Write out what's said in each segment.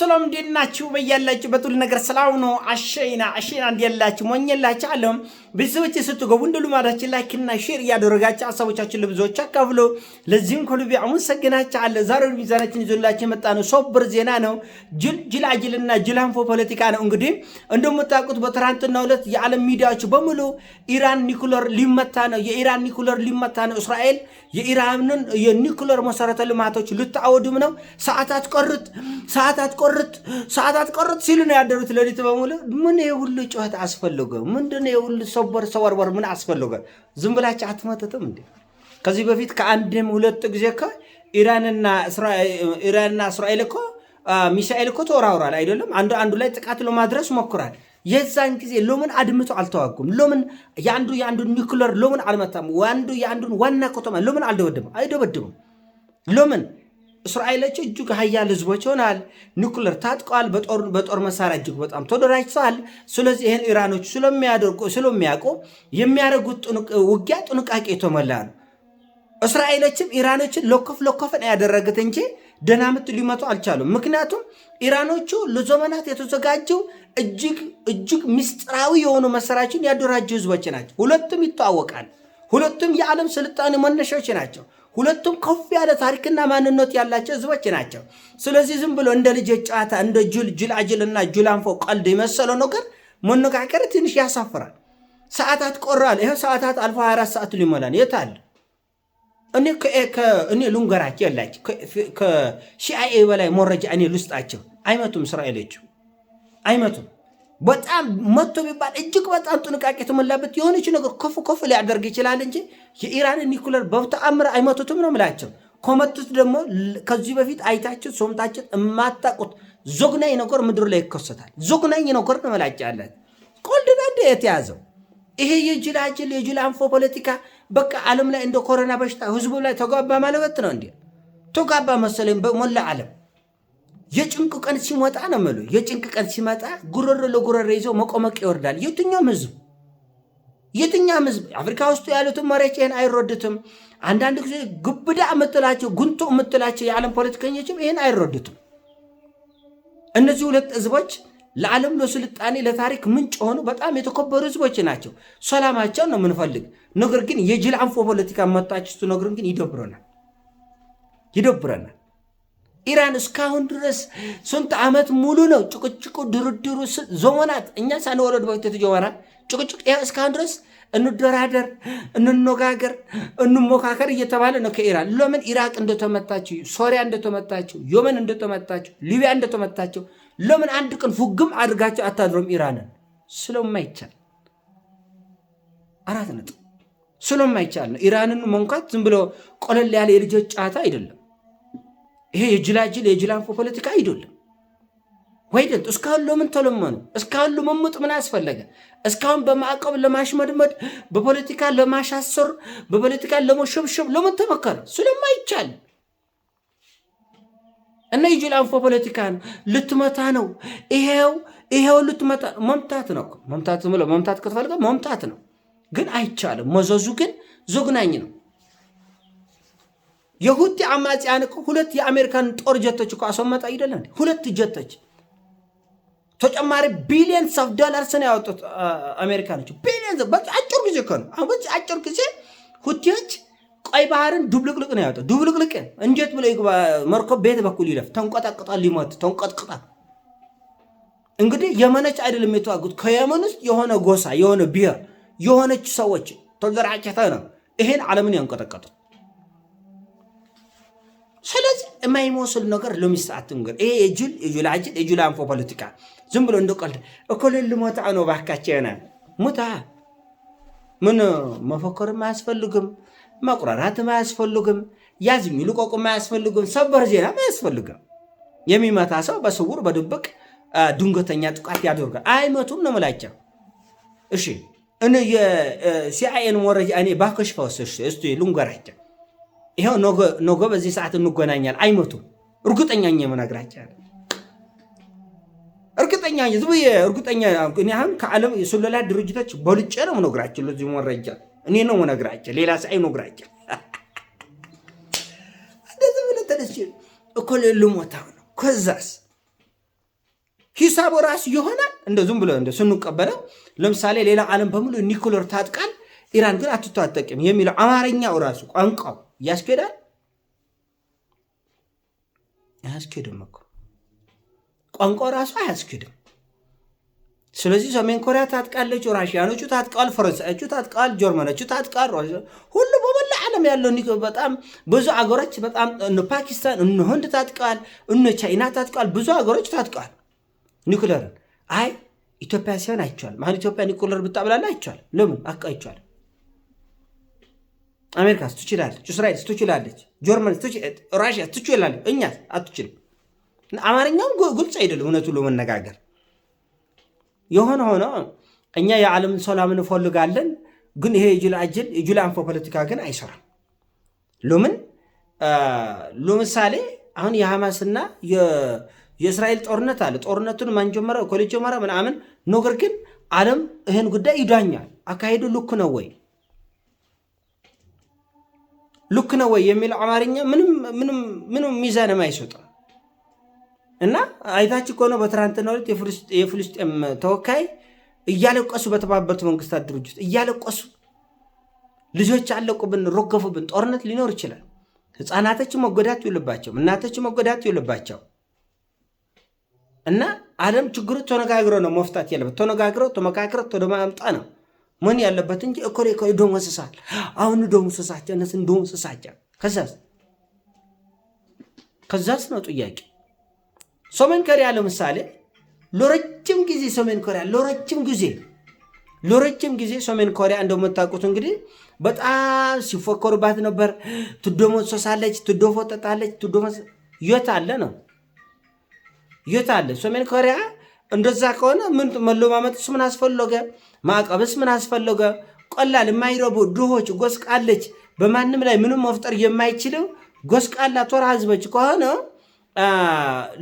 ሰላም እንዴት ናችሁ? በያላችሁ በቱል ነገር ሰላም ነው። አሸይና አሸይና እንዴት ያላችሁ ሞኝላችሁ አለም ቤተሰቦች ስትገቡ እንደ ልማዳችን ላይክና ሼር እያደረጋቸው ሀሳቦቻችን ለብዙዎች አካፍሎ ለዚህም ከልቤ አለ። ዛሬ ሚዛናችን ይዞላችን የመጣ ነው ሶብር ዜና ነው። ጅል ጅል አጅልና ፖለቲካ ነው። እንግዲህ እንደምታውቁት በትናንትና ሁለት የዓለም ሚዲያዎች በሙሉ ኢራን ኒኩለር ሊመታ ነው፣ የኢራን ኒኩለር ሊመታ ነው፣ እስራኤል የኢራንን የኒኩለር መሰረተ ልማቶች ልታወድም ነው፣ ሰዓታት ቆርጥ፣ ሰዓታት ቆርጥ፣ ሰዓታት ቆርጥ ሲሉ ነው ያደሩት ሌሊት በሙሉ። ምን የሁሉ ጩኸት አስፈልገው? ምንድን የሁሉ ሰው ሰወር ሰወርወር ምን አስፈልገ? ዝም ብላች አትመጥጥም እንዴ? ከዚህ በፊት ከአንድም ሁለት ጊዜ እኮ ኢራንና እስራኤል እኮ ሚሳኤል እኮ ተወራውራል አይደለም? አንዱ አንዱ ላይ ጥቃት ለማድረስ ሞክራል። የዛን ጊዜ ሎምን አድምቶ አልተዋጉም? ሎምን የአንዱ የአንዱን ኒኩለር ሎምን አልመታም? አንዱ የአንዱን ዋና ከተማ ሎምን አልደበድም? አይደበድምም። ሎምን እስራኤሎች እጅግ ሀያል ህዝቦች ይሆናል። ኒኩለር ታጥቀዋል። በጦር መሳሪያ እጅግ በጣም ተደራጅተዋል። ስለዚህ ይህን ኢራኖች ስለሚያደርጉ ስለሚያውቁ የሚያደርጉት ውጊያ ጥንቃቄ የተሞላ ነው። እስራኤሎችም ኢራኖችን ለኮፍ ለኮፍን ያደረግት እንጂ ደህና ምት ሊመቱ አልቻሉም። ምክንያቱም ኢራኖቹ ለዘመናት የተዘጋጀው እጅግ እጅግ ምስጢራዊ የሆኑ መሳሪያዎችን ያደራጁ ህዝቦች ናቸው። ሁለቱም ይተዋወቃል። ሁለቱም የዓለም ስልጣኔ መነሻዎች ናቸው። ሁለቱም ከፍ ያለ ታሪክና ማንነት ያላቸው ህዝቦች ናቸው። ስለዚህ ዝም ብሎ እንደ ልጅ ጨዋታ እንደ ጁል ጅላጅልና ጁላንፎ ቀልድ የመሰለው ነገር መነጋገር ትንሽ ያሳፍራል። ሰዓታት ቆራል። ይሄ ሰዓታት አልፎ 24 ሰዓት ሊሞላን የታል? እኔ እኔ ልንገራቸው የላች ከሲአይኤ በላይ መረጃ እኔ ልስጣቸው። አይመቱም፣ እስራኤሎቹ አይመቱም። በጣም መቶ ቢባል እጅግ በጣም ጥንቃቄ የተሞላበት የሆነች ነገር ከፍ ከፍ ሊያደርግ ይችላል እንጂ የኢራን ኒኩለር በተአምር አይመቱትም ነው ምላቸው። ከመቱት ደግሞ ከዚህ በፊት አይታችን ሶምታችን የማታውቁት ዞግናኝ ነገር ምድር ላይ ይከሰታል። ዞግናኝ ነገር ነው ምላጫለን። ቆልድና እንደ የተያዘው ይሄ የጅላጅል የጅላንፎ ፖለቲካ በቃ ዓለም ላይ እንደ ኮሮና በሽታ ህዝቡ ላይ ተጓባ ማለበት ነው። እንዲ ተጓባ መሰለኝ በሞላ ዓለም የጭንቅ ቀን ሲመጣ ነው ምሉ የጭንቅ ቀን ሲመጣ ጉሮሮ ለጉሮሮ ይዞ መቆመቅ ይወርዳል። የትኛውም ህዝብ የትኛውም ህዝብ አፍሪካ ውስጥ ያሉትም መሪዎችን አይረዱትም። አንዳንድ ጊዜ ግብዳ የምትላቸው ጉንቶ የምትላቸው የዓለም ፖለቲከኞችም ይህን አይረዱትም። እነዚህ ሁለት ህዝቦች ለዓለም ለስልጣኔ ለታሪክ ምንጭ የሆኑ በጣም የተከበሩ ህዝቦች ናቸው። ሰላማቸውን ነው የምንፈልግ። ነገር ግን የጅል አንፎ ፖለቲካ መጣች። ነገር ግን ይደብረናል ይደብረናል። ኢራን እስካሁን ድረስ ስንት ዓመት ሙሉ ነው ጭቅጭቁ፣ ድርድሩ፣ ዞናት እኛ ሳንወረድ በፊት የተጀመረ ጭቅጭቅ እስካሁን ድረስ እንደራደር፣ እንነጋገር፣ እንሞካከር እየተባለ ነው ከኢራን። ለምን ኢራቅ እንደተመታችው፣ ሶሪያ እንደተመታችው፣ የመን እንደተመታችው፣ ሊቢያ እንደተመታቸው ለምን አንድ ቀን ፉግም አድርጋቸው አታድሮም ኢራንን? ስለማይቻል አራት ነጥብ። ስለማይቻል ነው ኢራንን መንኳት ዝም ብሎ ቆለል ያለ የልጆች ጨዋታ አይደለም። ይሄ የጅላጅል የጅላንፎ ፖለቲካ አይደለም። ወይደል እስካሁን ለምን ተለመኑ? እስካሁን ልምምጥ ምን አስፈለገ? እስካሁን በማዕቀብ ለማሽመድመድ፣ በፖለቲካ ለማሻሰር፣ በፖለቲካ ለመሸብሸብ ለምን ተመከረ? ስለማይቻል እና የጅል አንፎ ፖለቲካ ነው። ልትመታ ነው። ይሄው ይሄው ልትመታ መምታት ነው። መምታት መምታት ከተፈለገ መምታት ነው፣ ግን አይቻልም። መዘዙ ግን ዘግናኝ ነው። የሁቲ አማጽያን እኮ ሁለት የአሜሪካን ጦር ጀቶች እኮ አስወመጡ አይደለ? ሁለት ጀቶች ተጨማሪ ቢሊየንስ ኦፍ ዶላርስ ነው ያወጡት አሜሪካኖች። ቢሊየንስ በአጭር ጊዜ እኮ ነው። አሁን አጭር ጊዜ ሁቲዎች ቀይ ባህርን ዱብልቅልቅ ነው ያወጡት። ዱብልቅልቅ እንጀት ብሎ ይግባ? መርከብ ቤት በኩል ይለፍ። ተንቆጣቅጧል፣ ሊሞት ተንቆጥቅጧል። እንግዲህ የመነች አይደለም የተዋጉት። ከየመን ውስጥ የሆነ ጎሳ፣ የሆነ ብሔር፣ የሆነች ሰዎች ተዘራጭተው ነው ይሄን ዓለምን ያንቆጠቀጡት። የማይመስል ነገር ሎሚ ሰዓት አትንገር። ይሄ የጁል የጁል አጅል የጁል አንፎ ፖለቲካ ዝም ብሎ እንደቀልድ እኮልል ልሞታ ነው ባካቸና ሙታ ምን መፈከርም አያስፈልግም፣ መቁራራትም አያስፈልግም፣ ያዝ የሚሉ ቆቁም አያስፈልግም፣ ሰበር ዜናም አያስፈልግም። የሚመታ ሰው በስውር በድብቅ ድንገተኛ ጥቃት ያደርጋል። አይመቱም ነው የምላቸው። እሺ ሲአይኤን ወረጃ እኔ ባክሽ ፈወሰሽ እስቲ ልንገራቸው ይኸው ነገ በዚህ ሰዓት እንጎናኛል። አይመቱ እርግጠኛ መናግራቸ እርግጠኛ እርግጠኛ አሁን ከዓለም የስለላ ድርጅቶች በልጬ ነው የምነግራቸው። ለዚህ መረጃ እኔ ነው የምነግራቸው፣ ሌላ ሰ አይነግራቸው። እንደዚህ ብለህ ተነስቼ እኮ ልሞታው ነው። ከዛስ ሂሳቡ ራሱ ይሆናል። እንደዚም ዝም ብሎ እንደ ስንቀበለው ለምሳሌ ሌላ ዓለም በሙሉ ኒኩለር ታጥቃል፣ ኢራን ግን አትታጠቅም የሚለው አማርኛው ራሱ ቋንቋው ያስኬዳል? አያስኬድም እኮ ቋንቋ ራሱ አያስኬድም። ስለዚህ ሰሜን ኮሪያ ታጥቃለች፣ ራሽያኖቹ ታጥቀዋል፣ ፈረንሳዮቹ ታጥቀዋል፣ ጀርመኖቹ ታጥቀዋል። ሁሉ በመላ ዓለም ያለው በጣም ብዙ አገሮች በጣም እነ ፓኪስታን እነ ህንድ ታጥቀዋል፣ እነ ቻይና ታጥቀዋል፣ ብዙ አገሮች ታጥቀዋል ኒኩለርን። አይ ኢትዮጵያ ሲሆን አይቸዋል። አሁን ኢትዮጵያ ኒኩለር ብታብላለ አይቸዋል። ለምን አቃ አይቸዋል አሜሪካስ ትችላለች፣ እስራኤልስ ትችላለች፣ ጀርመንስ ራሽያስ ትችላለች። እኛ አትችልም። አማርኛውም ግልጽ አይደለም እውነቱን ለመነጋገር የሆነ ሆነ እኛ የዓለምን ሰላም እንፈልጋለን፣ ግን ይሄ የጅላጅል የጅላንፎ ፖለቲካ ግን አይሰራም። ሎምን ለምሳሌ አሁን የሐማስና የእስራኤል ጦርነት አለ። ጦርነቱን ማን ጀመረ? እኮ ጀመረ ምናምን። ነገር ግን ዓለም ይህን ጉዳይ ይዳኛል። አካሄዱ ልክ ነው ወይ? ልክ ነው ወይ የሚል አማርኛ ምንም ሚዛንም አይሰጡም። እና አይታች ከሆነ በትናንትናው ዕለት የፍልስጤም ተወካይ እያለቀሱ በተባበሩት መንግስታት ድርጅት እያለቀሱ ልጆች አለቁብን፣ ሮገፉብን፣ ጦርነት ሊኖር ይችላል። ህፃናቶች መጎዳት ይውልባቸው፣ እናቶች መጎዳት ይውልባቸው እና ዓለም ችግሩ ተነጋግሮ ነው መፍታት ያለበት። ተነጋግረው ተመካክረው ተደማምጣ ነው ምን ያለበት እንጂ እኮሌ እኮ ይደመስሳል። አሁን ይደመስሳቸው እነሱ ይደመስሳቸው። ከዛስ ከዛስ ነው ጥያቄ። ሰሜን ኮሪያ ለምሳሌ ለረጅም ጊዜ ሰሜን ኮሪያ ለረጅም ጊዜ ለረጅም ጊዜ ሰሜን ኮሪያ እንደምታውቁት እንግዲህ በጣም ሲፎከሩባት ነበር። ትደመሰሳለች፣ ትደፈጠጣለች፣ ትደመሰ የት አለ ነው የት አለ ሰሜን ኮሪያ እንደዛ ከሆነ ምን መለማመጥስ ምን አስፈለገ? ማዕቀብስ ምን አስፈለገ? ቀላል የማይረቡ ድሆች፣ ጎስቃለች በማንም ላይ ምንም መፍጠር የማይችልው ጎስቃላ ቶራ ህዝበች ከሆነ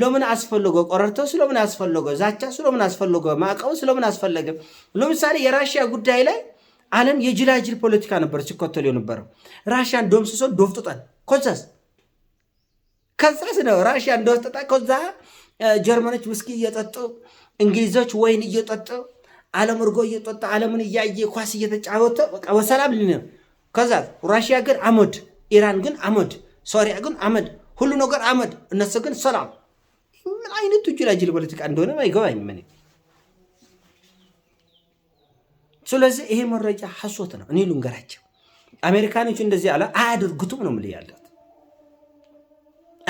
ለምን አስፈለገ? ቆረርቶ ስለምን አስፈለገ? ዛቻ ስለምን አስፈለገ? ማዕቀቡ ስለምን አስፈለገ? ለምሳሌ የራሽያ ጉዳይ ላይ ዓለም የጅላጅል ፖለቲካ ነበር ሲከተል የነበረው ራሽያን ዶምስሶ ዶፍጥጧል። ኮዛስ ከዛስ ነው ራሽያን ዶፍጥጣ ኮዛ ጀርመኖች ውስኪ እየጠጡ እንግሊዞች ወይን እየጠጡ ዓለም እርጎ እየጠጡ ዓለምን እያየ ኳስ እየተጫወተ በቃ በሰላም ልንል። ከዛ ራሽያ ግን አመድ፣ ኢራን ግን አመድ፣ ሶሪያ ግን አመድ፣ ሁሉ ነገር አመድ። እነሱ ግን ሰላም። ምን አይነት ጅላጅል ፖለቲካ እንደሆነ አይገባኝም እኔ። ስለዚህ ይሄ መረጃ ሀሶት ነው። እኔ ልንገራቸው አሜሪካኖች እንደዚህ አለ አያደርጉትም ነው ምልያለ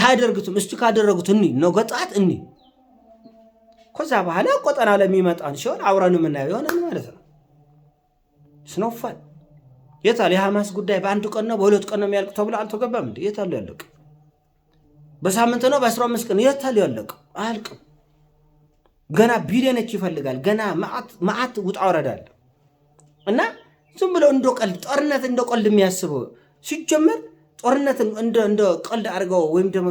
አያደርግትም። እስቲ ካደረጉት እኒ ነው ገጣት እኒ ከዛ በኋላ ቆጠና ለሚመጣን ሲሆን አብረን የምናየው ይሆናል ማለት ነው። ስኖፋል የታል የሐማስ ጉዳይ በአንድ ቀን ነው በሁለት ቀን ነው የሚያልቅ ተብሎ አልተገባም እንዴ? የታል ያለቅ? በሳምንት ነው በአስራ አምስት ቀን የታል ያለቅ? አያልቅም። ገና ቢሊዮኖች ይፈልጋል። ገና መዓት ውጣ ወረዳል እና ዝም ብለው እንደ ቀልድ ጦርነት እንደ ቀልድ የሚያስበው ሲጀመር ጦርነትን እንደ እንደ ቀልድ አድርገው ወይም ደግሞ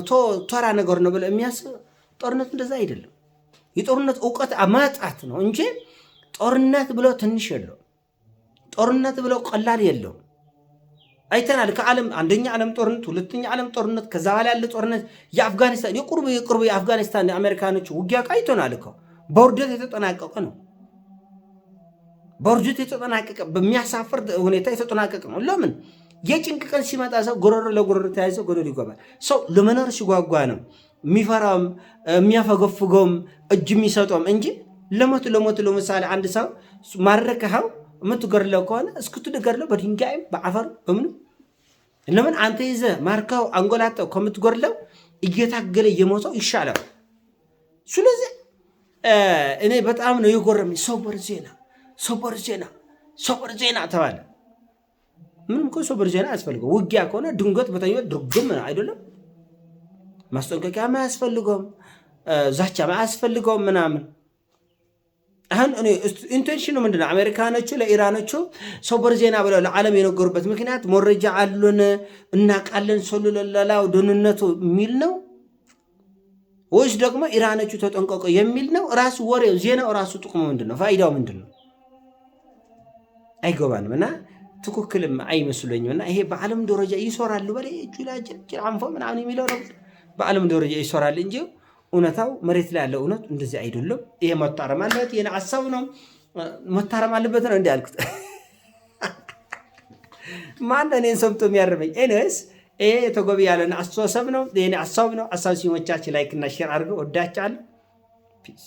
ተራ ነገር ነው ብለው የሚያስብ ጦርነት እንደዛ አይደለም። የጦርነት እውቀት ማጣት ነው እንጂ ጦርነት ብሎ ትንሽ የለው። ጦርነት ብሎ ቀላል የለው። አይተናል። ከዓለም አንደኛ ዓለም ጦርነት፣ ሁለተኛ ዓለም ጦርነት፣ ከዛ በኋላ ያለ ጦርነት፣ የአፍጋኒስታን የቁርብ የቁርብ የአፍጋኒስታን የአሜሪካኖች ውጊያ አይተናል እኮ በውርደት የተጠናቀቀ ነው። በውርደት የተጠናቀቀ በሚያሳፍር ሁኔታ የተጠናቀቀ ነው። ለምን የጭንቅ ቀን ሲመጣ ሰው ጎረሮ ለጎረሮ ተያይዘው ገደል ይገባል። ሰው ለመኖር ሲጓጓ ነው የሚፈራውም የሚያፈገፍገውም እጅ የሚሰጠውም እንጂ ለሞት ለሞት ለምሳሌ አንድ ሰው ማረከኸው የምትገድለው ከሆነ እስክትገድለው በድንጋይም በአፈር በምኑ ለምን አንተ ይዘ ማርከው አንጎላጠው ከምትገድለው እየታገለ እየሞተው ይሻላል። ስለዚህ እኔ በጣም ነው የጎረመኝ ሰበር ዜና ሰበር ዜና ሰበር ዜና ተባለ። ምንም እኮ ሰው ብርጀና አያስፈልገው። ውጊያ ከሆነ ድንገት በተኛበት ድርግም አይደለም። ማስጠንቀቂያ አያስፈልገውም፣ ዛቻ አያስፈልገውም ምናምን አሁን እኔ ኢንቴንሽኑ ምንድን ነው? አሜሪካኖቹ ለኢራኖቹ ሰበር ዜና ብለው ለዓለም የነገሩበት ምክንያት መረጃ አሉን እናቃለን፣ ሰሉ ለላው ደህንነቱ የሚል ነው ወይስ ደግሞ ኢራኖቹ ተጠንቀቁ የሚል ነው? ራሱ ወሬው ዜናው ራሱ ጥቅሙ ምንድን ነው? ፋይዳው ምንድን ነው? አይገባንም እና ትክክልም አይመስለኝም እና ይሄ በዓለም ደረጃ ይሰራሉ በ ጁላጅር አንፎ ምናምን የሚለው ነው። በዓለም ደረጃ ይሰራል እንጂ እውነታው መሬት ላይ ያለው እውነት እንደዚህ አይደለም። ይሄ መታረም አለበት። ይሄን ሀሳብ ነው መታረም አለበት ነው እንዲ ያልኩት። ማን እኔን ሰምቶ የሚያርመኝ? ኤኒዌይስ ይሄ የተጎቢ ያለን አስተሳሰብ ነው። ይሄ ሀሳብ ነው። ሀሳብ ሲሞቻች ላይክና ሼር አድርገው ወዳቻል ፒስ